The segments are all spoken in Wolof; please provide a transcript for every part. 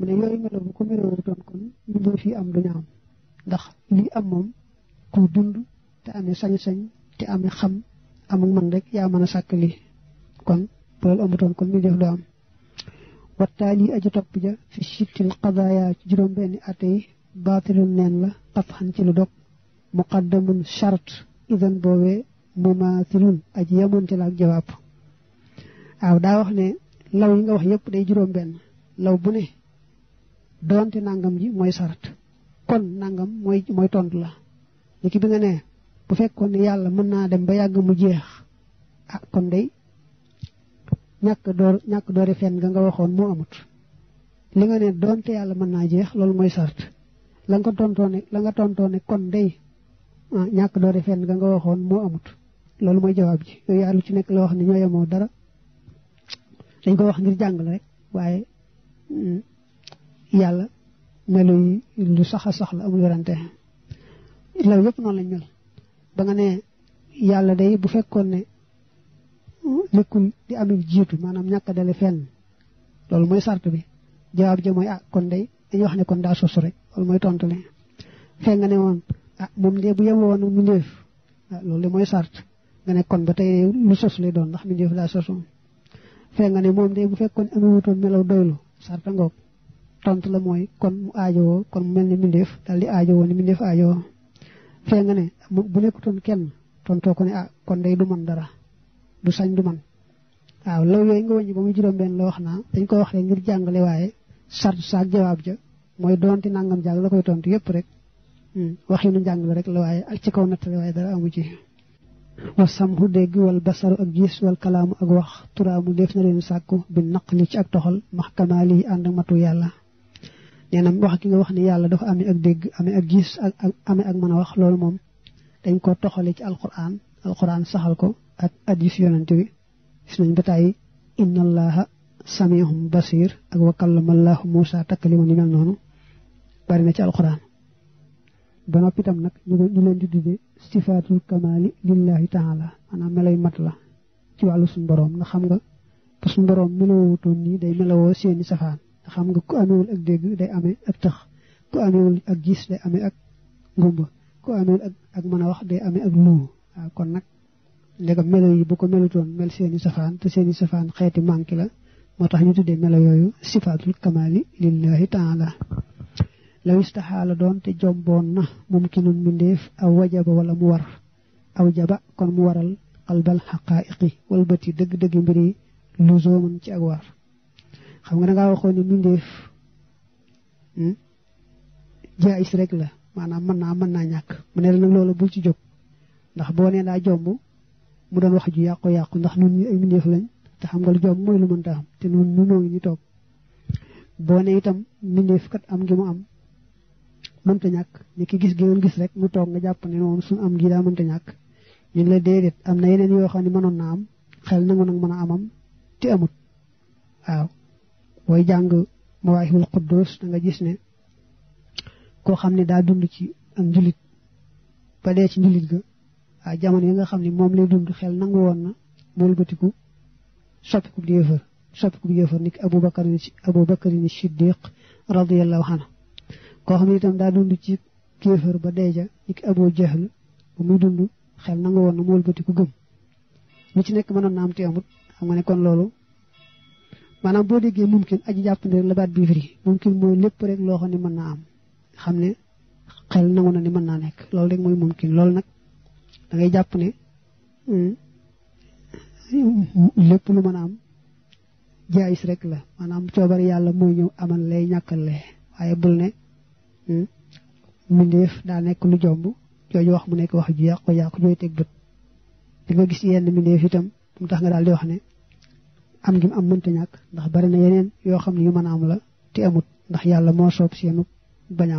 mu ne yooyu melo bu ko melowutoon kon mbindee fii am duñu am ndax lii am moom kuy dund te amee sañ-sañ te am xam amul man rek yaa mën a sàkk lii kon bu loolu amutoon kon mbindéef du am wattaa lii topp ja fi sittil qadaaya ci juróom benni atte yi baatilul neen la xat xan ci lu dog muqaddamun shart idan boobee mumaathilun aji yamonte la ak jawaab waaw daa wax ne law yi nga wax yépp day juróom benn law bu ne doonte nangam ji mooy sarat kon nangam mooy mooy tontu la léegi bi nga ne bu fekkoon ni yàlla mën naa dem ba yàgg mu jeex ah kon day ñàkk door ñàkk doore fenn nga nga waxoon moo amut li nga ne doonte yàlla mën naa jeex loolu mooy sart la nga tontoo ne la nga tontoo ne kon day ah ñàkk doore fenn nga nga waxoon moo amut loolu mooy jawaab ji yooyu yàlla lu ci nekk la wax ne ñoo yemoo dara dañ ko wax ngir jàng la rek waaye yàlla melu lu sax a sax la amul werante law yëpp noonu lañ ba nga ne yàlla de bu fekkoon ne nekkul di amul jiitu maanaam ñàkk dale fenn loolu mooy sart bi jawaab ja mooy ah kon day dañuy wax ne kon daa sos rek loolu mooy tontu li nga ne woon ah, moom de bu yemoon mu ah, loolu mooy sart nga ne kon ba tey lu sos lay doon ndax mu néef laa sosoon fekk nga ne moom de bu fekkoon amee wutoon melaw doylu sarta ngoog tontu la mooy kon mu aajowoo kon mu mel ni mbindeef daal di aajowoo ni mbindeef aajowoo fee nga ne bu nekkutoon kenn tontoo ko ne ah kon day du man dara du sañ du man waaw law yooyu nga wàññi ba muy juróom-benn la wax naa dañ ko wax rek ngir jàngale waaye sart saak jawaab ja mooy doonte nangam jàng la koy tontu yëpp rek hmm, wax yu nu njàng la rek la waaye ak ci kaw nattale waaye dara amu ci wa samhu dégg wal basaru ak gis wal kalaamu ak wax turaamu def na leen sàkku naq ci ak toxal max kamaali ànd ak matu yàlla nee wax ki nga wax ni yàlla dafa amee ak dégg amee ak gis ak ak amee ak mën a wax loolu moom dañ ko toxale ci alxuraan alquran saxal ko ak hadiis yonent bi gis nañ ba tàyyi inna allaha samihum basir ak wa kallama allahu Muusa ni mel noonu bari na ci alquran ba noppi itam nag ñu ñu leen di tuddee sifaatul kamaali lillahi taala maanaam melay mat la ci wàllu suñ boroom nga xam nga ba suñu boroom melowutoon nii day melowoo seeni safaan xam nga ku amewul ak dégg day amee ak tax ku amewul ak gis day amee ak ngumba ku amewul ak ak mën a wax day ame ak luu waaw kon nag ndegam melo yi bu ko melutoon mel seeni safaan te seeni safaan xeeti manqué la moo tax ñu tuddee melo yooyu sifaatul kamaali lillahi taala law istaxaala doon te jomboon na mumkinun mbindeef aw wajaba wala mu war aw jaba kon mu waral albal xaqaa'iqi walbati dëgg-dëgg mbiri lu zooman ci ak war xam nga da ngaa waxoon ni hmm, rek la maanaam mën naa mën naa ñàkk mu ne la nag loola bul ci jóg ndax boo nee daa jomb mu doon wax ju yàqu-yàqu ndax ñun ñu ay mbindeef lañ te xam nga lu jomb mooy lu mënta am te ñun ñu noo ngi ñu toog boo nee itam mbindeef kat am gi mu am mënta ñàkk ni ki gis gi gis rek mu toog nga jàpp ne moom suñu am gi daa mënta ñàkk ñu la déedéet am na yeneen yoo xam ne mënoon na am xel nangu nag mën a amam te amut waaw booy jàng mawaahibul quddus da nga gis ne koo xam ne daa dund ci am njulit ba dee ci njulit ga waaye jamono yi nga xam ni moom lay dund xel nangu woon na mool batiku soppiku bi yéefar soppiku bi yéefar ni ki abu bakar koo xam ne itam daa dund ci kéefër ba dee ja ni ki abu jahl ba muy woon na mool batiku gëm lu ci nekk mënoon na am te amut xam nga ne kon loolu maanaam boo déggee mumkin aji jàppandi rek la baat bii firi mumkin mooy lépp rek loo xam ne mën naa am xam ne xel nangu na ni mën naa nekk loolu rek mooy mumkin lool nag da ngay jàpp ne hmm, lépp lu mën am jaayis rek la maanaam coobari yàlla mooy ñëw aman lay ñàkkal waaye bul ne hmm, mbindeef daa nekk lu jomb jooju wax mu nekk wax ju yàqu yàqu jooy teg bët di gis yenn mbindeef itam mu tax nga daal di wax ne am ngi mu am mënta ñàkk ndax bari na yeneen yoo xam ne yu mën a am la te amut ndax yàlla moo soob seenu bañ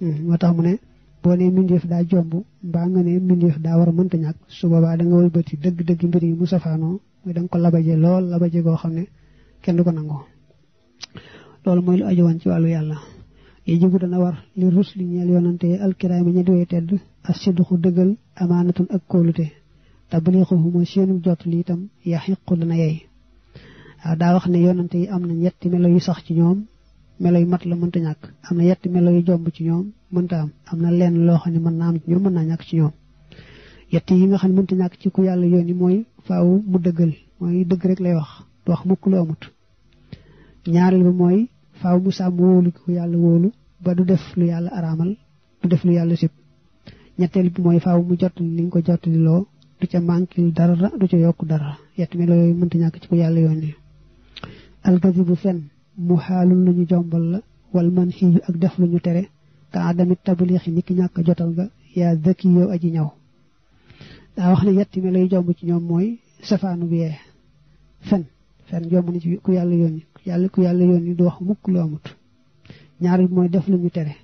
hmm, moo tax mu ne boo nee mbindeef daa jomb mbaa nga ne mbindeef daa war a mënta ñàkk su boobaa da nga wëlbati dëgg-dëgg mbir yi mu safaanoo muy da nga ko labaje lool labaje goo xam ne kenn du ko nangoo loolu mooy lu aju ci wàllu yàlla yi jigu dana war li rus li ñeel yonante alkiraami ña di way tedd as sidduxu dëggal amaanatun ak kóolute tabliixuhu mooy seenu jot li itam yaxiqu dana waaw daa wax ne yonante yi am na ñetti melo yu sax ci ñoom melo yu mat la mënta ñàkk am na yetti melo yu jomb ci ñoom mënta am am na lenn loo xam ne mën naa am ci ñoom mën naa ñàkk ci yi nga xam ne mënta ñàkk ci ku yàlla yoon yi mooy faaw mu dëggal mooy dëgg rek lay wax du wax mukk lu amut ñaareel ba mooy faw mu sàmm wóolu ku yàlla wóolu ba du def lu yàlla araamal du def lu yàlla sib ñetteel bi mooy faw mu jot li nga ko jot loo du ca manquil dara du ca yokk dara yett melo yooyu mënta ñàkk ci ku yàlla yoon yi bu fen mu xaalul lu jombal la wal man xiiju ak def lu ñu tere ka adamit tabliixi ni ki ñàkk jotal nga yaa dëkki aji ñaw daa wax ne yetti melo yu jomb ci ñoom mooy safaanu bi yee fen fen jomb na ku yàlla yoon yàlla ku yàlla yónni du wax mukk lu ñaar bi mooy def lañu tere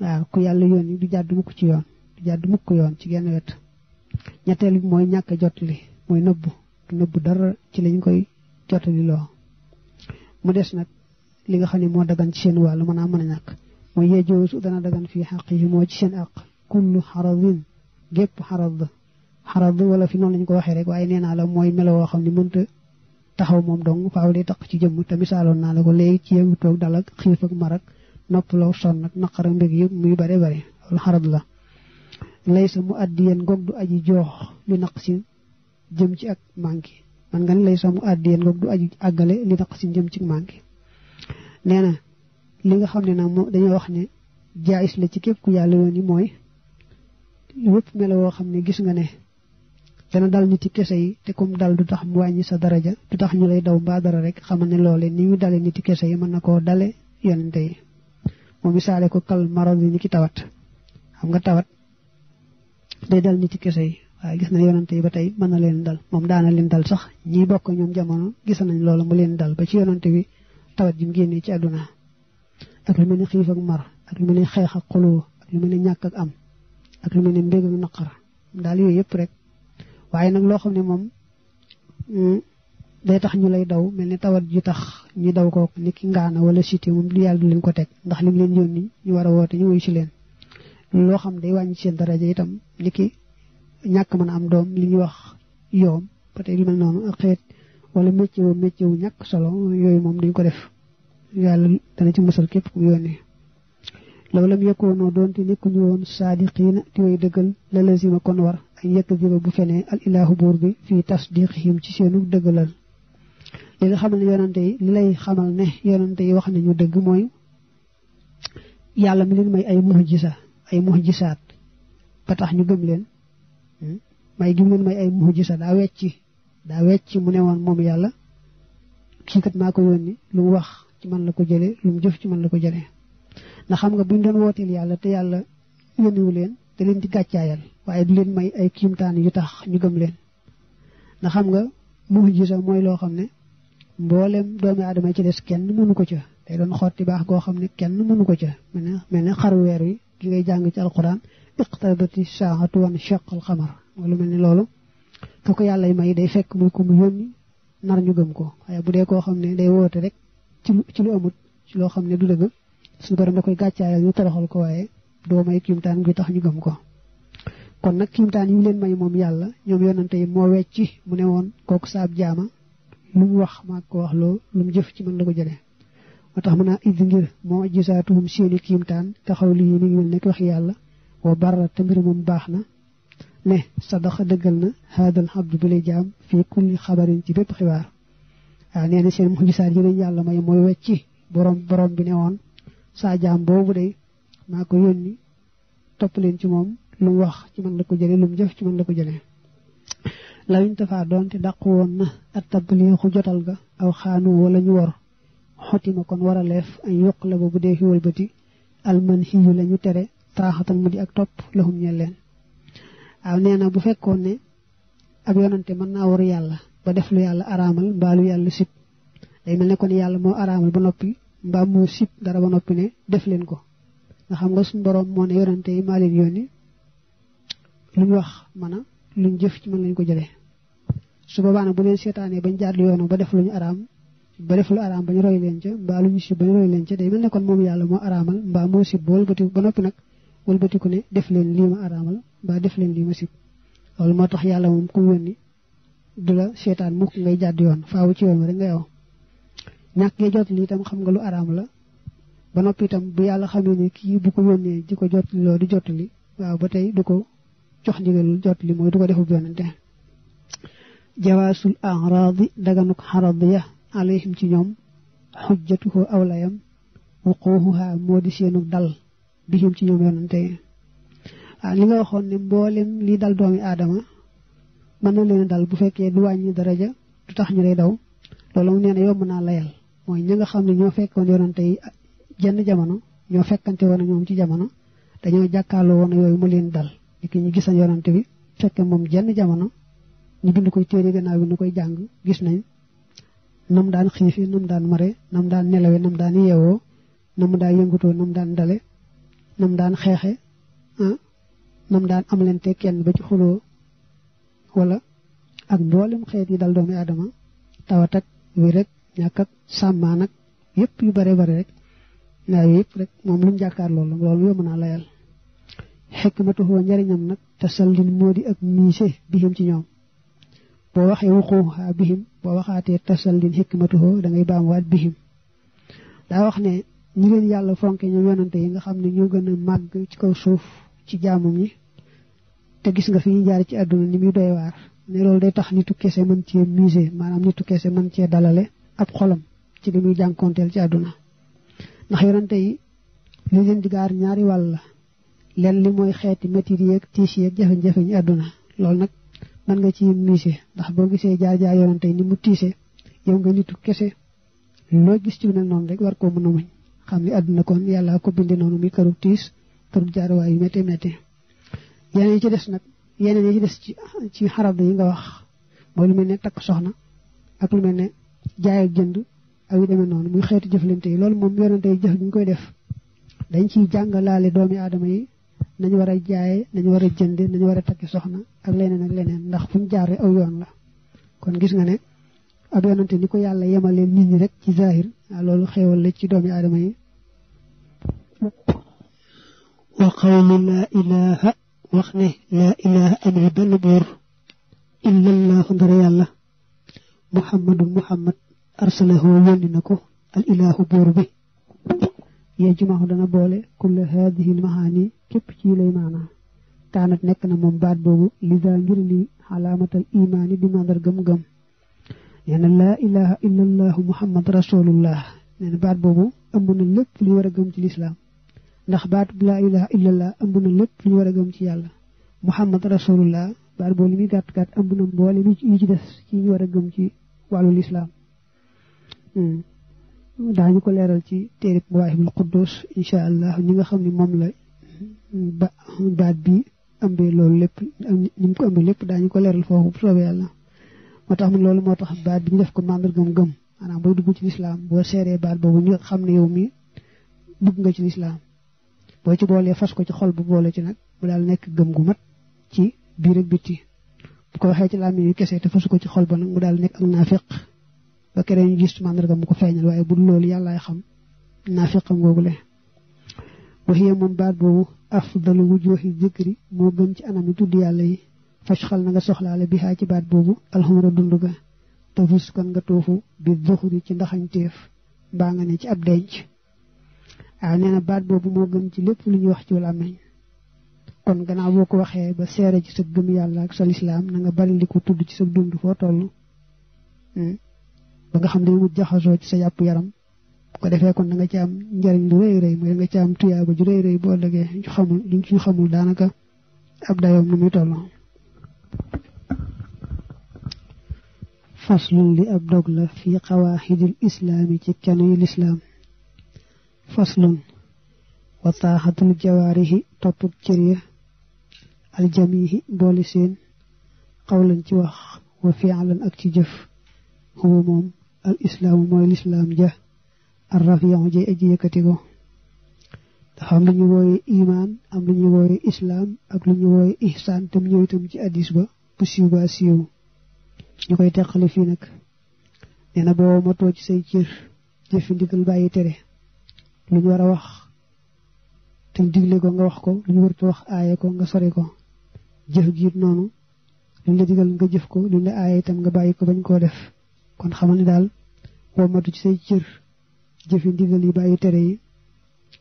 waaw ku yàlla yónni du jàdd mukk ci yoon du jàdd mukk yoon ci genn wet ñetteel bi mooy ñàkk jotali mooy nëbbu du nëbbu dara ci lañ koy jotali mu des nag li nga xam ne moo daggan ci seen wàllu mën a mën a ñàkk mooy yeejoosu dana daggan fii xaq yi moo ci seen àq kullu xaradin gépp xarad xarad wala fi noonu lañ ko waxee rek waaye nee naa la mooy melo woo xam ne mënta taxaw moom dong faaw day taq ci jëmm te misaaloon naa la ko léegi ci yeewu toog dal ak xiif ak mar ak noppaloo sonn ak naqara mbég yëpp muy bare bare loolu xarad la laysa mu addiyan ngoog du aji joox li naq si jëm ci ak manki man nga ne lay soomu àddiyeen ngoog du aju àggale li naq si jëm ci manqué nee li nga xam ne nag moom dañoo wax ne jaayis la ci képp ku yàlla yoon yi mooy wépp melo woo xam ne gis nga ne dana dal nit ci kese yi te comme dal du tax mu wàññi sa daraja du tax ñu lay daw mbaa dara rek xamal ne loole ni ñu dale nit ci kese yi mën na koo dale yonente yi mu misaale ko kal maroon yi ni ki tawat xam nga tawat day dal nit ci kese yi waaye gis nañ yonante yi ba tey mën na leen dal moom daana leen dal sax ñi bokk ñoom jamono gis nañ loolu mu leen dal ba ci yonante bi tawat ji ngéen génnee ci àdduna ak lu ni xiif ak mar ak lu mel ni xeex ak xuloo ak lu ni ñàkk ak am ak lu mel ni mbég ak naqar daal yooyu yëpp rek waaye nag loo xam ne moom mm, day tax ñu lay daw mel ni tawat ju tax ñu daw ko ni ngaana wala cité moom du yàlla du leen ko teg ndax li mu leen yónni ñu war woote ñu wuyu si leen loo xam day wàññi seen daraja itam ni ñàkk mën a am doom li ñuy wax yoom ba tey ma mel noonu ak xeet wala métier wu métier wu ñàkk solo yooyu moom duñ ko def yàlla dana ci musal képp ku yónnee loolu lam yekkoonoo doonte nekkuñu woon saadiqiina di way dëggal la lazima kon war ay yekk jiba bu fenee al ilaahu buur bi fii tasdiqihim ci seenu dëggalal li nga xamal ne yonante yi li lay xamal ne yonante yi wax nañu dëgg mooy yàlla mi leen may ay muhjisa ay muhjisaat ba tax ñu gëm leen Hmm? may gi mu leen may ay mujisa daa wecci daa wecci mu ne woon moom yàlla kii kat maa ko yónni lu mu wax ci man la ko jëlee lu mu jëf ci man la ko jëlee ndax xam nga bu ñu doon wooteel yàlla te yàlla yónniwu leen te leen di gàccaayal waaye du leen may ay kiimtaan yu tax ñu gëm leen ndax xam nga mujisa mooy loo xam ne mboolem doomi aadama ci des kenn mënu ko ca day doon xotti baax goo xam ne kenn mënu ko ca mel ne mel ne xaru weer wi ki ngay jàng ci alxuraan iqtarabati saa'atu wanshaqa al-qamar lu mel ni loolu ka ko yàlla may day fekk muy ko mu yónni nar ñu gëm ko waaye bu dee koo xam ne day woote rek ci lu ci lu ci loo xam ne du dëgg suñu borom na koy gàccaayal ñu toroxal ko waaye doo may kiimtaan gi tax ñu gëm ko kon nag kiimtaan yi leen may moom yàlla ñoom yonante yi moo wecci mu ne woon kooku saab jaama lu mu wax maa ko wax loo lu mu jëf ci mën la ko jëlee moo tax mën a indi ngir moo jisaatuhum seeni kiimtaan taxaw lii wax yàlla wa barra te mbir moom baax na ne sadaxa dëggal na haadal abdu bi lay jaam fii kulli xabarin ci bépp xibaar waaw nee na seen mujisaat yi dañ yàlla may mooy wecci borom borom bi ne woon saa jaam boobu day maa ko yónni topp leen ci moom lu mu wax ci man la ko jële lu mu jëf ci man la ko jële lawuñ tafaa doonte dàqu woon na at tabliixu jotal ga aw xaanu wa ñu wor xotima kon war a leef ay la ba bu dee xiwal bëti alman xiyu la tere taaxatan mu di ak topp lahum ñeel leen waaw nee na bu fekkoon ne ab yonante mën naa war yàlla ba def lu yàlla araamal ba lu yàlla sib day mel ne kon yàlla moo araamal ba noppi mbaa moo sib dara ba noppi ne def leen ko nga xam nga suñu borom moo ne yonante yi maa leen yónni lu ñu wax mën lu ñu jëf ci mën lañu ko jëlee su boobaa nag bu leen seetaanee bañ jaar yoonam ba def lu ñu araam ba def lu araam ba ñu roy leen ca mbaa lu ñu sib ba ñu roy leen ca day mel ne kon moom yàlla moo araamal mbaa moo sib bool ba noppi nag wëlbatiku ne def leen lii ma araamal ba def leen lii ma sib loolu moo tax yàlla moom ku yónni du la seetaan mukk ngay jàdd yoon faawu ci yoon rek ngay aw ñàkk ngay itam xam nga lu araam la ba noppi itam bu yàlla xamee ne kii bu ko yónnee di ko jot loo di jot waaw ba tey du ko jox ndigalul jot li mooy du ko defub yonante jawaasul araadi daganuk xarad ya alayhim ci ñoom xujjatuhu awlayam wuquuhuha moo di seenu dal bi him ci ñoom yonante ah, li nga waxoon ne mboolem li dal doomi aadama mën na leen dal bu fekkee du wàññi daraja du tax ñu lay daw loolu mu nee na yomb naa layal mooy ñi nga xam ne ñoo fekkoon yonante yi ah, jenn jamono ñoo fekkante woon ñoom ci jamono dañoo jàkkaarloo woon yooyu mu leen dal li ki ñu gisan yonante bi fekkee moom jenn jamono ñu bind koy téere gannaaw bi ñu koy jàng gis nañ nam daan xiifi nam daan mare nam daan nelawe nam daan yeewoo nam daan yëngutoo nam daan dale nam daan xeexe ah, nam daan am lente kenn ba ci xuloo wala ak mboolem xeet yi dal doomi aadama tawat ak wi rek ñàkk ak sàmmaan ak yëpp yu bare bare rek naa yëpp rek moom lu mu jàkkaar loolu loolu yomb naa layal xikmatuhu njariñam nag tasallin moo di ak miise bihim ci ñoom boo waxee wuquuxa bihim boo waxaatee tasallin xikmatuhu da dangay baam waat bihim daa wax ne ñi yàlla fonke ñoom yonante yi nga xam ne ñoo gën màgg ci kaw suuf ci jaamu ñi te gis nga fi ñu jaar ci àdduna ni muy doy waar ne loolu day tax nitu kese mën cee musée maanaam nitu kese mën cee dalale ab xolam ci li muy jànkoonteel ci àdduna ndax yonante yi li leen di gaar ñaari wàll la leen li mooy xeeti métit yeeg tiis yeeg jafe-jafe ñi àdduna loolu nag mën nga ci musée ndax boo gisee jaar jaar yonante yi ni mu tiise yow nga nitu kese loo gis ci lu mel rek war koo mën a xam ne àdduna kon yàlla ko bindee noonu muy kërug tiis kërug jaaruwaay yu métti métti yeneen yi ci des nag yeneen yi ci des ci ci xarab yi nga wax mooy lu mel ne takk soxna ak lu mel ne jaay jënd ak yu demee noonu muy xeetu jëflante yi loolu moom yonante yi jëf bi ñu koy def dañ ciy jàngalaale doomi aadama yi nañu war a jaaye nañu war a jënd nañu war a takki soxna ak leneen ak leneen ndax fu ñu jaaree aw yoon la kon gis nga ne ab yonante ni ko yàlla yemaleen nit ñi rek ci loolu xéewal la ci doomi aadama wa qawlu laa ilaha wax ne ilaha amul benn buur illallahu ndara yàlla muhammadun muhammad arsalahu yónni na ko al ilahu buur bi yejjumahu dana boole kulla haadihi l mahaani képp ci lay kaanat nekk na moom baat boobu li daa ngir li xalaamatal imaani di mandargam gëm nee na laa ilaha illa allahu muhammad rasulullah nee na baat boobu ëmb na lépp li war a gëm ci lislaam ndax baat bu laa ilaha illa allah ëmb na lépp li war a gëm ci yàlla muhammad rasulullah baat boobu li muy gàtt gàtt ëmb na mboole yi ci des ci ñu war a gëm ci wàllu lislaam hmm. daañu ko leeral ci téerib mawaahibul quddus incha allah ñi nga xam ni moom la hmm, ba baat bi am ëmbee loolu lépp ni mu ko ëmbee lépp daañu ko leeral foofu bu yàlla moo tax mu loolu moo tax baat bi ñu def ko màndargam gëm maanaam boo dugg ci lislaam boo seeree baat boobu ñu xam ne yow mi bugg nga ci lislaam boo ci boolee fas ko ci xol bu boole ci nag mu daal nekk gëm gu mat ci biir ak bitti bu ko waxee ci làmmiñ yu kese te fasu ko ci xol ba nag mu daal nekk ak naafiq ba kere ñu gis màndarga mu ko feeñal waaye bu loolu yàllaay xam naafiqam googule waxiye moom baat boobu afdalu wujuhi zikri moo gën ci anami tudd yàlla yi fashxal na nga soxlaale bi ci baat boobu alxamra dund ga tafus kon nga tuufu bi zuxuri ci ndaxañteef mbaa nga ne ci ab denc waaw nee baat boobu moo gën ci lépp lu ñuy wax ci làmmiñ kon gannaaw boo ko waxee ba seere ci sa gëm yàlla ak sa lislaam na nga bari li ko tudd ci sa dund foo toll hmm. ba nga xam ne mu jaxasoo ci sa yàpp yaram bu ko defee kon da nga ci am njariñ lu rëy rëy mooy nga ci am tuyaaba ju rëy rëy boo dëggee ñu xamul liñ ci xamul daanaka ab dayoom nu muy tolloo faslun li ab dog la fi xawaaxidil islaami ci kenuy lislaam faslun wa taaxatul jawaarihi toppuk cër ya aljamihi boole ci wax wa fialan ak ci jëf huwa moom al islaamu ja ar rafiu jay aji yëkkati dafa am lu ñu wooye imaan am lu ñu wooye islaam ak lu ñu wooye ihsaan tam ñëw itam ci addis ba bu siiw ba siiw ñu koy teqale fii nag nee na boo matoo ci say cër jëfi bàyyi tere lu war a wax tam digle ko nga wax ko lu ñu wartu ko nga sori ko jëf giit noonu lu ñu la nga jëf ko lu ñu la aaye itam nga bàyyi ko bañ koo def kon xamal ne daal boo matu ci say cër jëfi ndigal yi bàyyi tere yi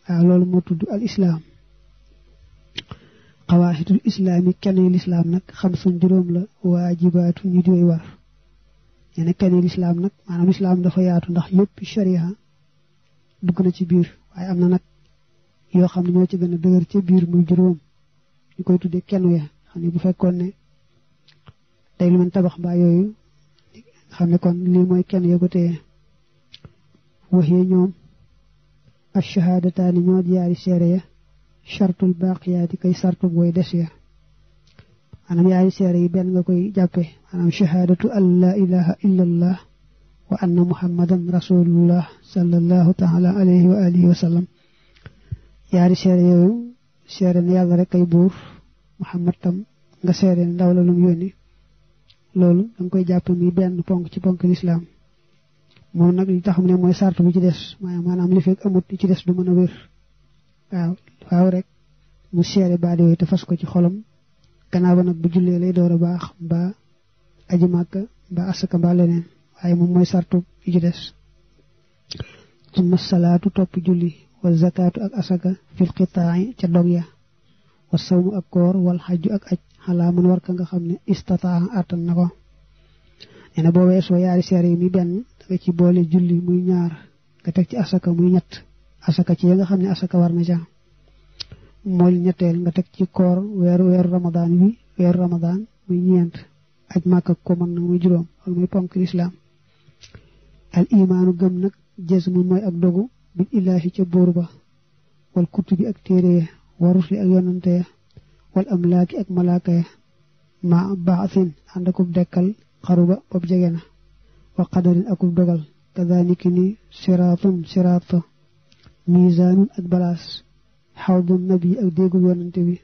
waaw ah, loolu moo tudd al islaam xawaaxitul islaam yi kenn yu lislaam nag xam suñ juróom la waajibaatu ñu doy war ñene kenn yu lislaam nag maanaam islaam dafa yaatu ndax lépp sharia dugg na ci biir waaye am na nag yoo xam ne ñoo ci gën a dëgër ca biir muy juróom ñu koy tuddee kenn ya xam ne bu fekkoon ne tey lu mel tabax mbaa yooyu xam ne kon lii mooy kenn ya ko téye waxee ñoom ashahaadataani ñoo jaari seere ya chartul baaqiyaati booy des ya maanaam seere yi benn koy jàppe maanaam shahaadatu an la ilaha illa allah wa anna seere yooyu seere ne yàlla rek ay buur muhammad tam nga seere ne ndaw la lum loolu danga koy jàpp mi benn ponk ci ponk lislaam moom nag li tax mu ne mooy sart bi ci des maanaam li fekk amut li ci des du mën a wér waaw waaw rek mu seere baat yooyu te fas ko ci xolam gannaaw ba nag bu jullee lay door a baax mbaa aji màkka mbaa asaka mbaa leneen waaye moom mooy sartu li ci des summa salaatu topp julli wa zakaatu ak asaka fil qitaa'i ca dog ya wa sawmu ak koor wal xajju ak aj xalaa mun war ka nga xam ne istataa àttan na ko nee na boo weesoo yaari seere yi mi benn nga ci boole julli muy ñaar nga teg ci asaka muy ñett asaka ci ya nga xam ne asaka war na ca mooy ñetteel nga teg ci koor weeru weeru ramadaan wi weeru ramadaan muy ñeent aj màkk ko mën na muy juróom loolu muy ponk lislaam al imaanu gëm nag jës mu mooy ak dogu bil illaahi ca buur ba wal kutubi ak téere ya wa rusli ak yonante ya wal amlaaki ak malaaka ya ma baasin ànd akub dekkal xaruba bob jege na wa qadarin akub dogal kadaliki ni siraatun siraat fa misaanun ak balaas xawdun nabi ak déegub yonante bi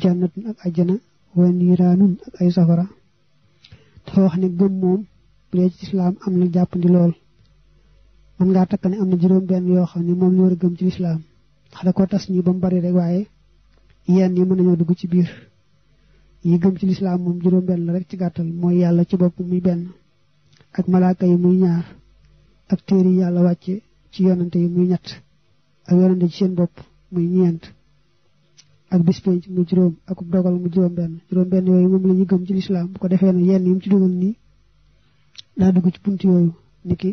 jannatun ak ajjana wa niiraanun ak ay safara dafa wax ne gëm moom bu dee ci islaam am na jàppandi lool mën ngaa takk ne am na juróom benn yoo xam ne moom la gëm ci islaam ndax da ko tas ñi ba mu bari rek waaye yenn yi mën nañoo dugg ci biir yi gëm ci lislaam moom juróom benn la rek ci gàttal mooy yàlla ci bopp muy benn ak malaaka yi muy ñaar ak téere yi yàlla wàcce ci yonante yi muy ñett ak yonante ci seen bopp muy ñeent ak bis penc mu juróom ak dogal mu juróom benn juróom benn yooyu moom la ñu gëm ci lislaam ko defee ne yenn yi mu ci dugal nii daa dugg ci bunt yooyu niki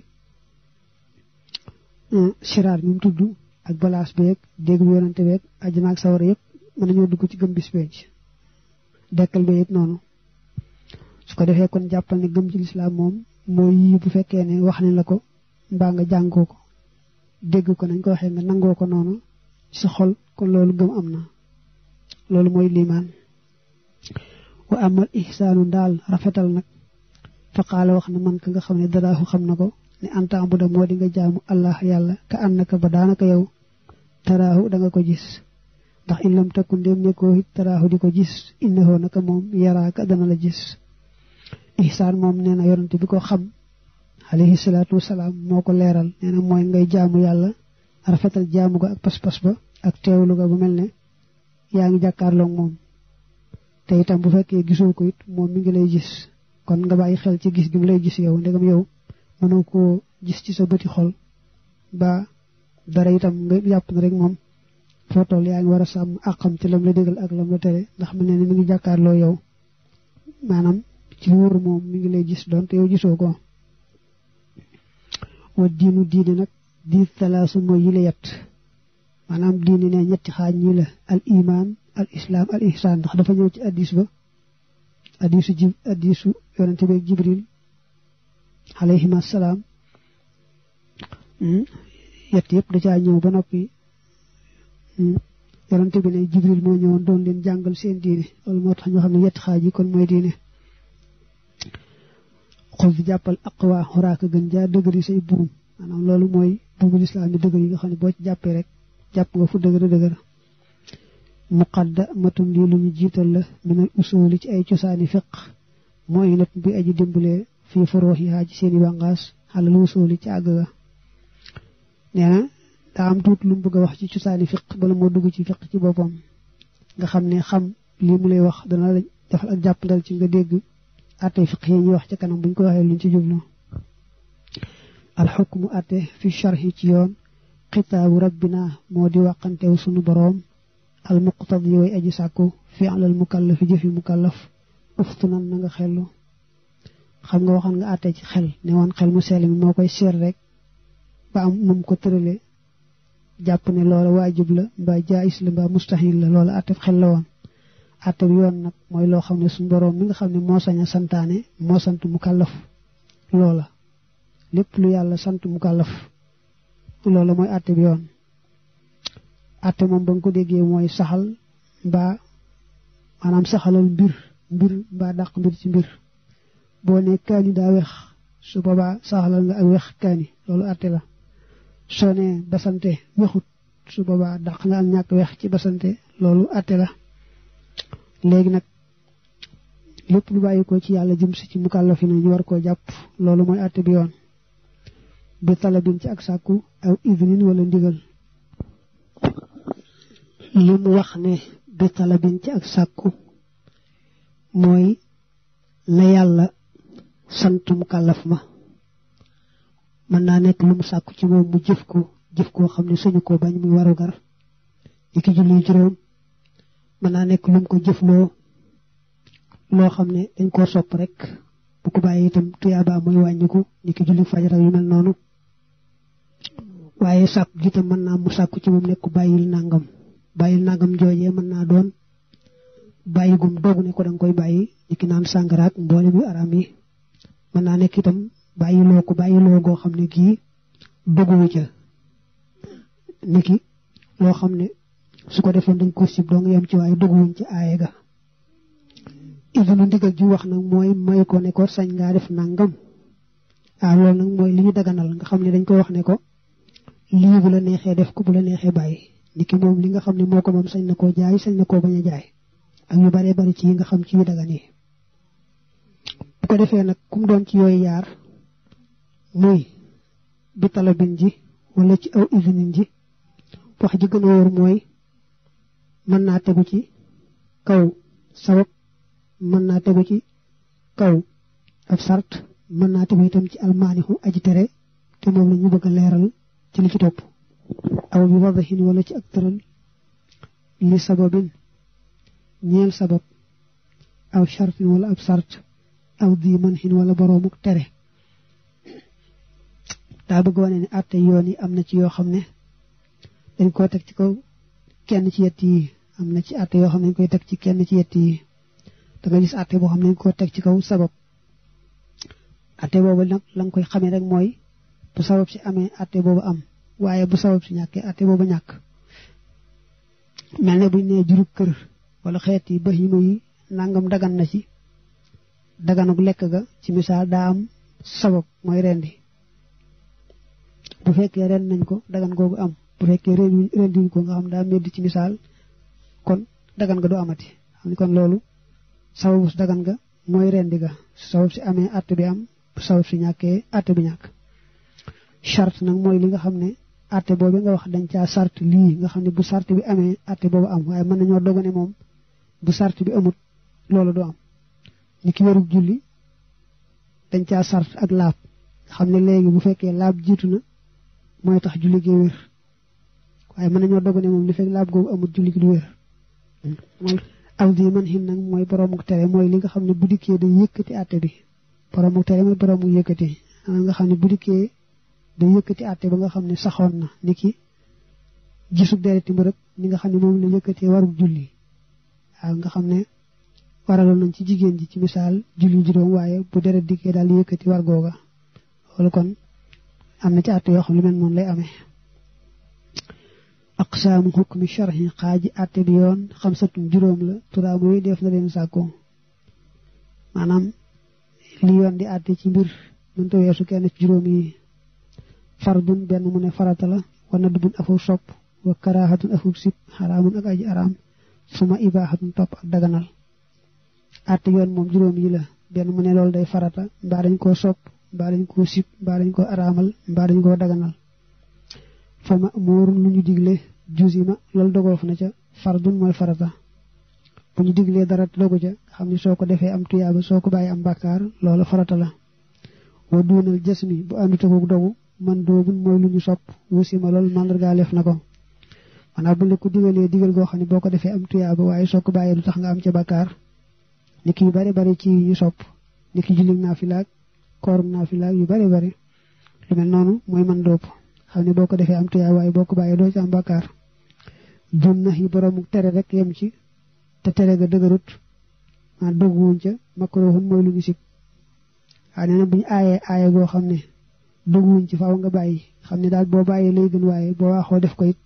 eh, mu tudd ak balaas beeg dégg bu yëpp mën ci gëm bis penc ko defee kon jàppal ne gëm ci lislaam moom mooy yii bu fekkee ne wax ne la ko mbaa nga jàngoo ko dégg ko nañ ko waxee nga nangoo ko noonu ci xol kon loolu gëm am na loolu mooy liimaan wa amal ihsaanu daal rafetal nag fa qaala wax na man ka nga xam ne daraahu xam na ko ne anta bu da moo di nga jaamu allah yàlla ka ko ba daanaka yow taraahu danga ko gis ndax in lam takku ndéem nekkoo it taraahu di ko gis innahu naka moom yaraaka dana la jis ihsaan moom nee na yonante bi ko xam alayhi salaatu wasalaam moo ko leeral nee mooy ngay jaamu yàlla rafetal jaamu ga ak pas-pas ba ak teewlu ga bu mel ne yaa ngi jàkkaarloog moom te itam bu fekkee gisoo ko moom mi ngi lay gis kon nga bàyyi xel ci gis gi mu lay gis yow ndegam yow mënoo koo gis ci sa bëti xol ba dara itam nga yàpp na rek moom foo yaa ngi war a sàmm àqam ci lam la dégal ak lam la ndax mu ne ni mi ngi jàkkaarloo yow maanaam ci wóor moom mu ngi lay gis donte yow gisoo ko wa diinu diine nag di talaasu mooy yi la yett maanaam diine ne ñetti xaaj ñi la al iman al ndax dafa ñëw ci addis ba addisu ji addisu yonente yëpp da caa ñëw ba noppi hmm? yonente bi jibril moo ñëwoon doon leen jàngal seen diine loolu moo tax ñu xam ne yett xaaj yi kon mooy diine xol bi jàppal aqwa xoraaka gën jaar dëgër yi say buum maanaam loolu mooy buumu lislaam yi dëgër yi nga xam ne boo ci jàppee rek jàpp nga fu dëgër dëgër muqadda matum lii lu ñu jiital la minal usuli ci ay cosaani fiq mooy nat bi aji dimbalee fii faroox yi ci seen i bànqaas xalal usuli ci àgg ga nee na daa am tuut lu mu bëgg a wax ci cosaani fiq bala moo dugg ci fiq ci boppam nga xam ne xam lii mu lay wax dana la defal ak jàppandal ci nga dégg atte fiq yi ñuy wax ci kanam buñ ko waxee luñ ci jublu alxukmu atte fi sharhi ci yoon xitaabu rabbina moo di wàqantew sunu boroom almuqtadi way aji sàkku fi alal mukallafi jëfi mukallaf uftunan na nga xelu xam nga waxoon nga àtte ci xel ne woon xel mu sell mi moo koy seer rek ba am moom ko tërale jàpp ne loola waa la mbaa jaayis la mbaa mustahil la loola àtte xel la woon atteb yoon nag mooy loo xam ne suñ boroom mi nga xam ne moo saña santaane moo sant mu kàllaf la lépp lu yàlla sant mu kàllaf loola mooy atteb yoon atte moom ba nga ko déggee mooy saxal mbaa maanaam saxalal mbir mbir mbaa dàq mbir ci mbir boo ne kaani daa weex su boobaa saxalal nga ak weex kaani loolu atte la soo ne basante weexut su boobaa dàq nga ak ñàkk weex ci basante loolu atte la léegi nag lépp lu bàyyi ko ci yàlla jëm si ci mukallaf yi war koo jàpp loolu mooy àtte bi yoon bi talabin ci ak sàkku aw idnin wala ndigal li wax ne bi talabin ci ak sàkku mooy la yàlla sant mukallaf ma mën naa nekk lu mu sàkku ci moom mu jëf ko jëf koo xam ne suñu ko bañ muy warugar iki julli juróom mën naa nekk lu ko jëfloo loo xam ne dañ koo sopp rek bu ko bàyyi itam tuyaaba mooy wàññiku ni ki julli fajara yu mel noonu waaye sàkk gi itam mën naa mu sàkku ci moom nekk bàyyil nàngam bàyyil nàngam joojee mën naa doon bàyyi gum doogu ne ko danga koy bàyyi ni ki naan sàngaraak mboole bi araam yi mën naa nekk itam bàyyiloo ko bàyyiloo goo xam ne gii bëgguwu ca ni loo xam ne su ko defoon ko sib doo nga yem ci waaye dugguwuñ ci aaye ga idunu ndigal ji wax nag mooy may ko ko sañ ngaa def nangam waaw loolu nag mooy li ñu daganal nga xam ne dañ ko wax ko lii bu la def ko bu la neexee bàyyi ni ki moom nga xam ne moo ko moom sañ na koo jaay sañ na koo bañ a jaay ak yu baree bari ci yi nga xam ci yu dagan defee nag kum doon ci yooyu yaar muy bi talabin ji wala ci aw idinin ji wax ji gën a wóor mooy mën naa tegu ci kaw sabab mën naa tegu ci kaw ab sart mën naa tegu itam ci almaanixu aji tere te moom lañu ñu bëgg a leeral ci li ci topp aw bi wadahin wala ci ak tëral li sababin ñeel sabab aw shartin wala ab sart aw di manhin wala boroomuk tere daa bëgg wane ne àtte yoon yi am na ci yoo xam ne dañ koo teg ci kaw kenn ci yett am na ci àtte yoo xam ne dañ koy teg ci kenn ci yett yi da gis àtte boo xam ne dañ ko teg ci kaw sabab àtte boobu nag la koy xamee rek mooy bu sabab si amee àtte boobu am waaye bu sabab si ñàkkee àtte boobu ñàkk mel ne buñ nee jurub kër wala xeet yi bahima yi nangam dagan na ci daganuk lekk ga ci misaal daa am sabab mooy rendi bu fekkee ren nañ ko dagan googu am bu fekkee ren rendiñ ko nga xam daa medd ci misaal kon dagan ga du amati xam ni kon loolu sababu si dagan nga mooy rendi ga sabab si amee àtte bi am sabab si ñàkkee àtte bi ñàkk charte nag mooy li nga xam ne àtte boobu nga wax dañ caa sart lii nga xam ne bu sart bi amee àtte am waaye mën nañoo dogane moom bu sart bi amut loolu du am ni ki warug julli dañ caa sart ak laab xam ne léegi bu fekkee laab jiitu na mooy tax julli gi wér waaye mën nañoo ne moom li fekk laab googu amut julli gi du wér aw bii man xin nag mooy boroomu tere mooy li nga xam ne bu dikkee day yëkkati àtte bi boroomu tere mooy boroomu yëkkati nga xam ne bu dikkee day yëkkati àtte ba nga xam ne saxoon na ni ki gisub dereti mbërëg nga xam ne moom la yëkkatee warul julli waaw nga xam ne waraloon nañ ci jigéen ji ci misaal julli juróom waaye bu deret dikkee daal yëkkati war googa loolu kon am na ci àtte yoo xam ne mel moom lay amee aqsaamu xukmi sharhi xaaji àtte bi yoon xamsatun juróom la turaabu yooyu def na leen sàkko maanaam li yoon di àtte ci mbir mënta weesu kenn ci juróom yi fardun benn mu ne farata la wa nadbun afu sopp wa karaahatun afu sib xaraamun ak aji araam suma ibaahatun topp ak daganal àtte yoon moom juróom yi la benn mu ne loolu day farata mbaa dañ koo sopp mbaa dañ koo sib mbaa dañ koo araamal mbaa dañ koo daganal fa ma moorun lu ñu digle jusima loolu dogoof na ca fardun mooy farata bu ñu diglee dara dogu ca xam ne soo ko defee am tuyaaba soo ko bàyyi am bàkkaar loolu farata la wa duunal jasmi bu àndute ko dogu man doobun mooy lu ñu sopp wusima loolu màndargaaleef na ko maanaam bu la ko digalee digal goo xam ne boo ko defee am tuyaaba waaye soo ko bàyyee lu tax nga am ca bàkkaar ni ki yu bare bare ci yu sopp ni ki julli naafilaak koor naafilaak yu bare bare lu mel mooy man doob xam ne boo ko defee am tuyaay waaye boo ko bàyyee doo ci am bàkkaar dun na yi boroomu tere rek yem ci te tere ga dëgërut maa dëgguwuñ ca makruhun mooy lu ñu sib waaw nee bu aayee aaye goo xam ne dëgguwuñ ci faaw nga bàyyi xam ne daal boo bàyyee lay gën waaye boo def ko it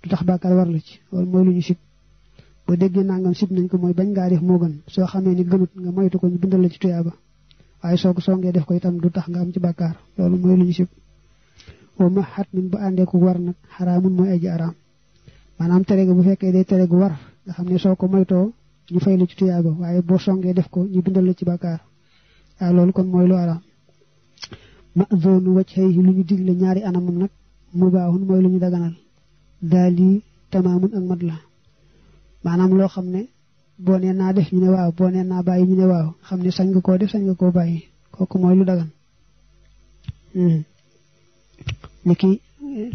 du tax bàkkaar war la ci loolu mooy lu ñu sib boo déggee nangam sib nañ ko mooy bañ ngaa def moo gën soo xamee ni gënut nga moytu ko ñu bindal la ci tuyaaba waaye soo ko songee def ko itam du tax nga am ci bàkkaar loolu mooy lu ñu sib wa ma xat min bu àndee ku war nag xaraamun mooy aji araam maanaam tere gi bu fekkee day tere gu war nga xam ne soo ko moytoo ñu fay lu ci tuyaaba waaye boo songee def ko ñu bindal la ci bàkkaar waaw loolu kon mooy lu araam ma zone wacc xëy lu ñu digle ñaari anamam nag mu baaxun mooy lu ñu daganal daal di tamaamun ak mat la maanaam loo xam ne boo nee naa def ñu ne waaw boo nee naa bàyyi ñu ne waaw xam ne sañ nga koo def sañ nga koo bàyyi kooku mooy lu dagan hmm. niki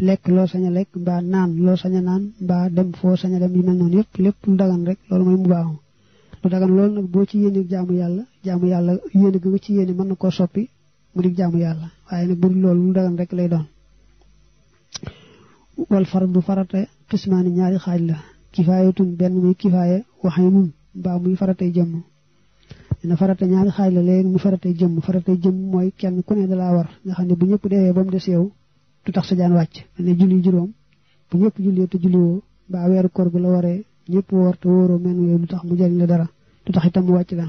lekk loo sañ lekk mbaa naan loo sañ naan mbaa dem foo sañ a dem yu mel noonu yëpp lépp lu dagan rek loolu mooy mu baaxu lu dagan loolu nag boo ci yéene jaamu yàlla jaamu yàlla yéene gi nga ci yéene mën na koo soppi mu di jaamu yàlla waaye nag bu dul loolu lu dagan rek lay doon wal fardu farate xismaani ñaari xaaj la kifaayatun benn muy kifaaye waxee mun mbaa muy faratey jëmm na farate ñaari xaaj la léegi mu faratey jëmm faratey jëmm mooy kenn ku ne dalaa war xam ne bu ñëpp defee ba mu du tax sa jaan wàcc ne julli juróom bu ñëpp jullee te julliwoo ba weeru kor bu la waree ñëpp woor te wóoroo men yooyu tax mu jariñ la dara lu tax itam mu wàcc la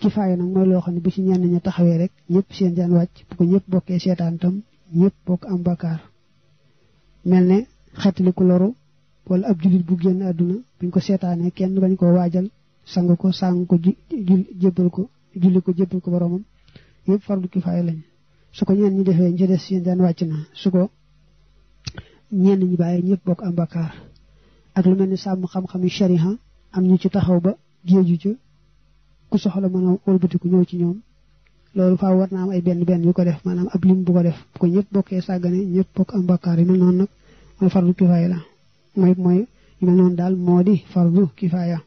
kifaaya nag mooy loo xam ne bu ci ñenn ña taxawee rek ñëpp seen jaan wàcc bu ko ñëpp bokkee seetaan itam ñëpp bokk am bakkaar mel ne xeetali ku loru wala ab jullit bu génn àdduna buñ ko seetaanee kenn bañ koo waajal sang ko sang ko jul ko julli ko jébbal ko boromam yëpp fardu kifaaya lañ su ko ñenn ñi defee ñu des yéen daan wàcc na su ko ñenn ñi bàyyi ñëpp bokk am bakkaar ak lu mel ni sàmm xam-xam yu shariha am ñu ci taxaw ba géeju ci ku soxla mën a wëlbatiku ñëw ci ñoom loolu faaw war naa am ay benn benn yu ko def maanaam ab lim bu ko def bu ko ñëpp bokkee sàggane ñëpp bokk am bakkaar yi mel noonu nag mooy fardu kifaaya la mooy mooy yu mel noonu daal moo di fardu kifaaya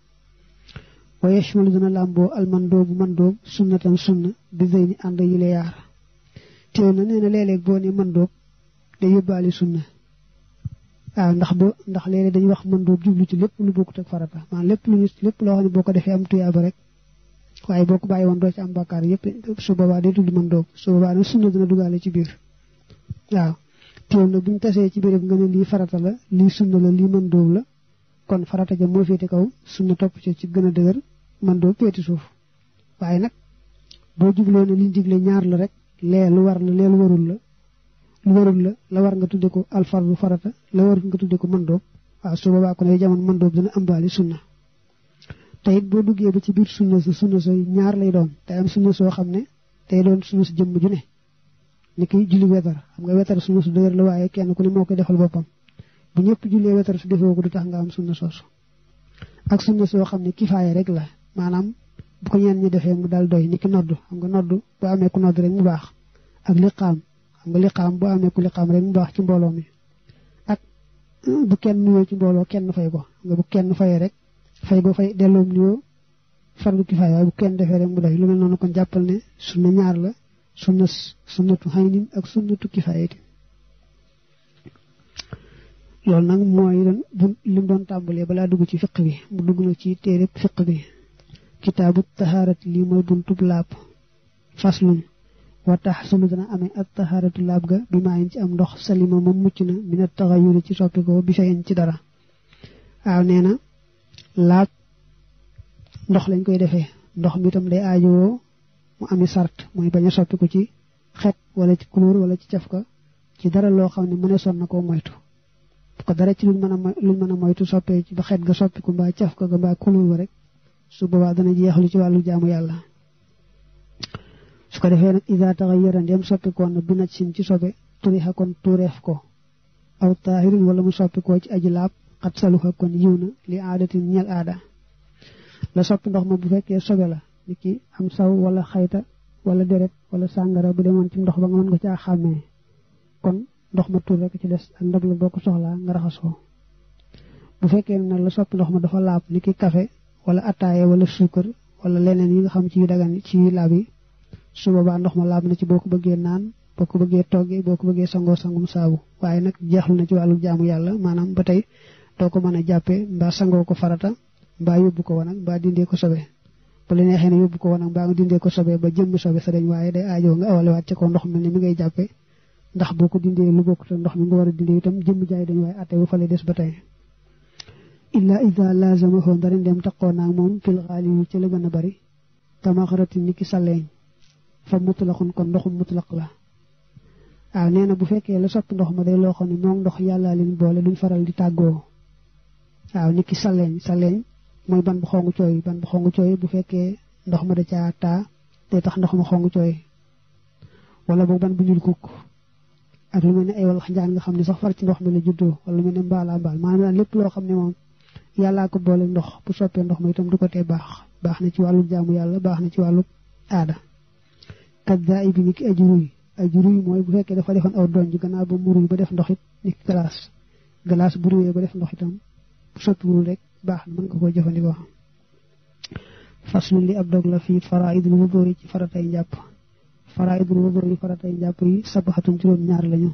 wa yashmalu dina làmboo almandoobu mandoob sunnatan sunna bi zeyni ànd la teew na nee na léeg-léeg boo ne mën doog day yóbbaale sunna waaw ndax bo ndax léeg dañ dañuy wax mën doog jublu ci lépp lu bokkut ak farata maanaam lépp lu ñu lépp loo xam ne boo ko defee am tuyaaba rek waaye boo ko bàyyi woon doo ci am bàkkaar yëpp su day tudd mën doog su boobaa nag sunna dina dugaale ci biir waaw teew na buñu tasee ci béréb nga ne lii farata la lii sunna la lii mën doog la kon farata ja moo féete kaw sunna topp ci ci gën a dëgër mën doog féete suuf waaye nag boo jubloo ne liñ ñaar la rek lee lu war la lee lu warul la lu warul la la war nga tudd ko alfardu farata la warul nga tudde ko mandoob waaw su boobaa ko lay jamono mandoob dina am baali sunna te it boo duggee ba ci biir sunna si sunna yi ñaar lay doon te am sunna soo xam ne tey doon sunna sa jëmm ju ne ni ki julli wetar xam nga wetar sunna su dëgër la waaye kenn ku ne moo koy defal boppam bu ñëpp jullee wetar su defoo ko du tax nga am sunna soosu ak sunna soo xam ne kifaaya rek la maanaam bu ko ñeen ñi defee mu daal doy ni ki nodd xam nga nodd bu amee ku nodd rek mu baax ak liqaam xam nga liqaam bu amee ku liqaam rek mu baax ci mbooloo mi ak euh, bu kenn nuyoo ci mbooloo kenn fay ko nga bu kenn fayee rek fay ko fay delloom nuyoo fardu kifaaya waaye bu kenn defee rek mu doy lu mel noonu kon jàppal ne sunna ñaar la sunna sunnatu haynin ak sunnatu kifaayati loolu nag mooy doon bu lim doon tàmbalee balaa dugg ci fiq bi mu dugg na ci téereb fiq bi kitaabu taxaarati lii mooy buntub fas faslun wa tax su sunu dana amee ak taxaaratu laab ga bi maayin ci am ndox salima moom mucc na mina taxayuri ci soppi ko bi shayin ci dara waaw nee na laab ndox lañ koy defee ndox mi itam day aajowoo mu ami sart mooy bañ a soppi ko ci xet wala ci couleur wala ci caf ka ci dara loo xam ne mën a sonn koo moytu bu ko dara ci luñ mën a mën a moytu soppee ci ba xet ga soppiku mbaa caf ka ga mbaa couleur wa rek su boobaa dana jeexlu ci wàllu jaamu yàlla su ko defee nag isa taxa yëran dem soppikoon na bi naj ci sobe turixa kon tuureef ko aw taahirin wala mu soppikoo ci aji laab xat saluxa kon yiw na li aadatin ñel aada la soppi ndox ma bu fekkee sobe la ni ki am saw wala xayta wala deret wala sàngara bu demoon ci ndox ba nga mën ko caa xàmmee kon ndox ma tuur rek ci des ak ndab la boo ko soxlaa nga raxasoo bu fekkee nag la soppi ndox ma dafa laab ni kafe wala attaaya wala suukar wala leneen yi nga xam ci yu dagan ci yu laab yi su ba ndox ma laab na ci boo ko bëggee naan boo ko bëggee toggee boo ko bëggee sangoo sangum saabu waaye nag jeexlu na ci wàllu jaamu yàlla maanaam ba tey doo ko mën a jàppee mbaa sangoo ko farata mbaa yóbbu ko wanag mbaa dindee ko sobe bu la neexee ne yóbbu ko wanag dindee ko sobe ba jëmm sobe sa dañ waaye day aajoo nga awalewaat ci ko ndox ne mi ngay jàppee ndax boo ko dindee lu bokk te ndox mi nga war a dindee itam jëmm jaay dañ waaye atte ba tey illaa ida laazamahu ndari ndem taqoo naag moom fil xaalibi ci la gën a bari tamaxarati ni ki saleeñ fa mutlaqun kon ndoxum mutlaq la waaw nee na bu fekkee la sotti ndox ma de loo xam ne moom ndox yàllaa leen boole duñ faral di tàggoo waaw ni ki saleeñ saleeñ mooy ban bu xongu cooy ban bu xongu cooy bu fekkee ndox ma de caa taa day tax ndox ma xongu cooy wala boo ban bu ñuul kukk ak lu mel ne ay walax njaan nga xam ne sax far ci ndox mi la juddoo wala lu mel ne mbaala mbaal maanaam lépp loo xam ne moom yàllaa ko boole ndox bu soppee ndox ma tam du ko tee baax baax na ci wàllu jaamu yàlla baax na ci wàllu aada kat daa ibi ni ki aji ruy aji ruy mooy bu fekkee dafa defoon aw donj gannaaw ba mu ruy ba def ndox it ni ki glace glace bu ruyee ba def ndox itam bu sottiwul rek baax na mën nga koo jëfandikoo faslu li ab dog la fii faraidul wudu yi ci faratay njàpp faraidul wudu yi faratay njàpp yi sabaxatum juróom ñaar lañu